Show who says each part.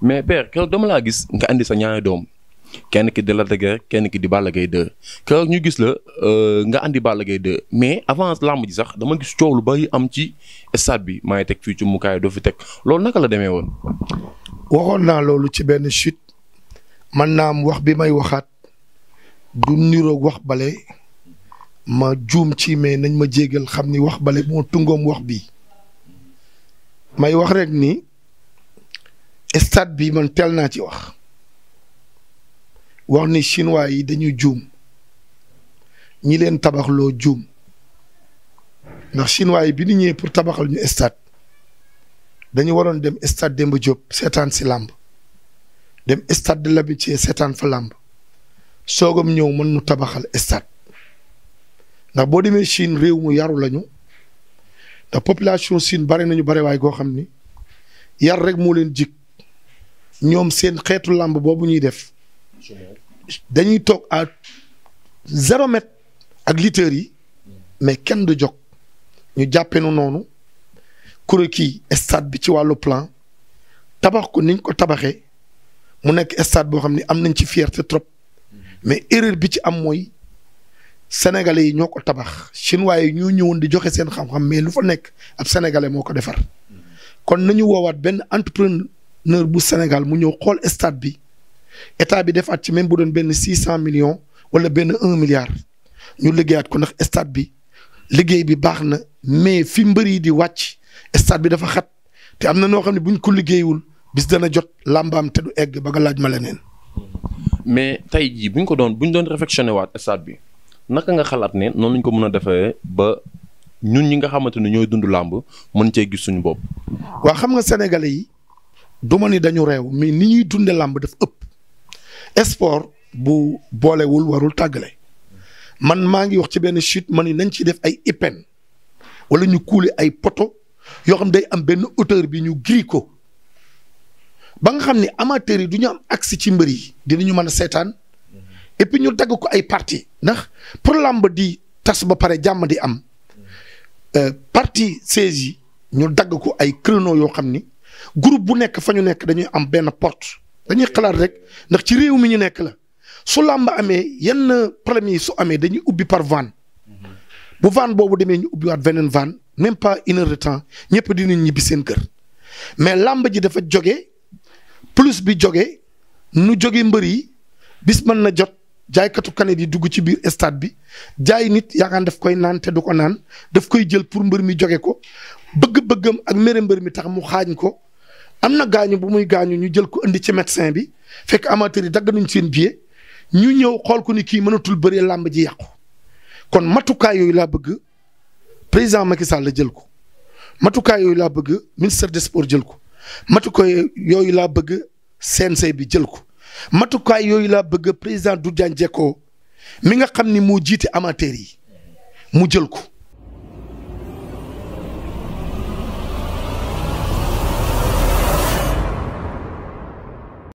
Speaker 1: mais père keroog dama laa gis nga indi sa ñaari doom kenn ki di Lac de kenn ki di Balla Gaye 2 keroog ñu gis la euh, nga indi Balla Gaye 2 mais avance làmb ji sax dama gis coow lu bari am ci stade bi maa ngi teg fii ci mukaay doo fi teg loolu naka la demee woon.
Speaker 2: waxoon naa loolu ci benn chute man naa am wax bi may waxaat du niroog wax bale ma juum ci mais nañ ma jégal xam ni wax bale moo tungoom wax bi may wax rek ni. stade bi man tell naa ci wax wax ni chinois yi dañu juum ñi leen tabaxloo juum ndax chinois yi bi ñu ñëwee pour tabaxal ñu stade dañu waroon dem stade Demba Diop seetaan si làmb dem stade de l'Amitié seetaan fa làmb soogam ñëw mën nu tabaxal stade ndax boo demee Chine réew mu yaru lañu ndax population Chine bare nañu bare goo xam ni yar rek moo leen jik ñoom seen xeetu làmb boobu ñuy def dañuy toog à zéro mètre ak lutteurs yi mais kenn du jog ñu jàppee nu noonu kuréel kii stade bi ci wàllu plan tabax ko niñ ko tabaxee mu nekk stade boo xam ne am nañ ci fierté trop mais erreur bi ci am mooy sénégalais yi ñoo ko tabax chinois yi ñoo ñëwoon di joxe seen xam-xam mais lu fa nekk ab sénégalais moo ko defar kon nañu woowaat benn entrepreneur. neur bu Sénégal mu ñëw xool stade bi état bi defaat ci même bu doon benn six cent millions wala benn un milliard ñu liggéeyaat ko ndax stade bi liggéey bi baax na mais fi mbër yi di wàcc stade bi dafa xat te am na noo xam ne buñ ko liggéeyul bis dana jot làmbaam te du egg ba nga laaj ma leneen.
Speaker 1: mais tey jii buñ ko doon bu ñu doon réfectionné waat stade bi naka nga xalaat ne noonu lañ ko mën a defee ba ñun ñi nga xamante ne ñooy dund làmb mën cee gis suñu bopp.
Speaker 2: xam nga sénégalais yi du ma ni dañu réew mais ni ñuy dunde làmb daf ëpp sport bu boolewul warul tàggale man maa ngi wax ci benn chute ma ni nañ ci def ay ipen wala ñu kuule ay poto yoo xam day am benn hauteur bi ñu gri ko ba nga xam ni amateurs yi duñu am accès ci mbër yi dinañu mën a seetaan et ñu dagg ko ay parti ndax pour làmb di tas ba pare jàmm di am euh, parti 16 yi ñu dagg ko ay créneaux yoo xam ni groupe bu nekk fa ñu nekk dañuy am benn porte dañuy xalaat rek ndax ci réew mi ñu nekk la su làmb amee yenn problème su amee dañuy ubbi par van bu van boobu demee ñu ubbiwaat beneen van même pas une de temps ñëpp dinañ ñibbi seen kër mais làmb ji dafa jóge plus bi jóge nu jóge mbër yi bis mën na jot jaaykatu kanet yi dugg ci biir stade bi jaay nit yaakaar daf koy naan te du ko naan daf koy jël pour mbër mi joge ko bëgg-bëggam ak mere mbër mi tax mu xaañ ko am na gaañu bu muy gaañu ñu jël ko indi ci médecin bi fekk amateur yi dagg nañ seen billet ñu ñëw xool ko ni kii mënatul bëree làmb ji yàqu kon matukaay yooyu laa bëgg président Macky Sall jël ko matukaay yooyu laa bëgg ministre des sports jël ko matukaay yooyu laa bëgg CNC bi jël ko matukaay yooyu laa bëgg président du Diagne Diecko mi nga xam ni moo jiite amateur yi mu jël ko.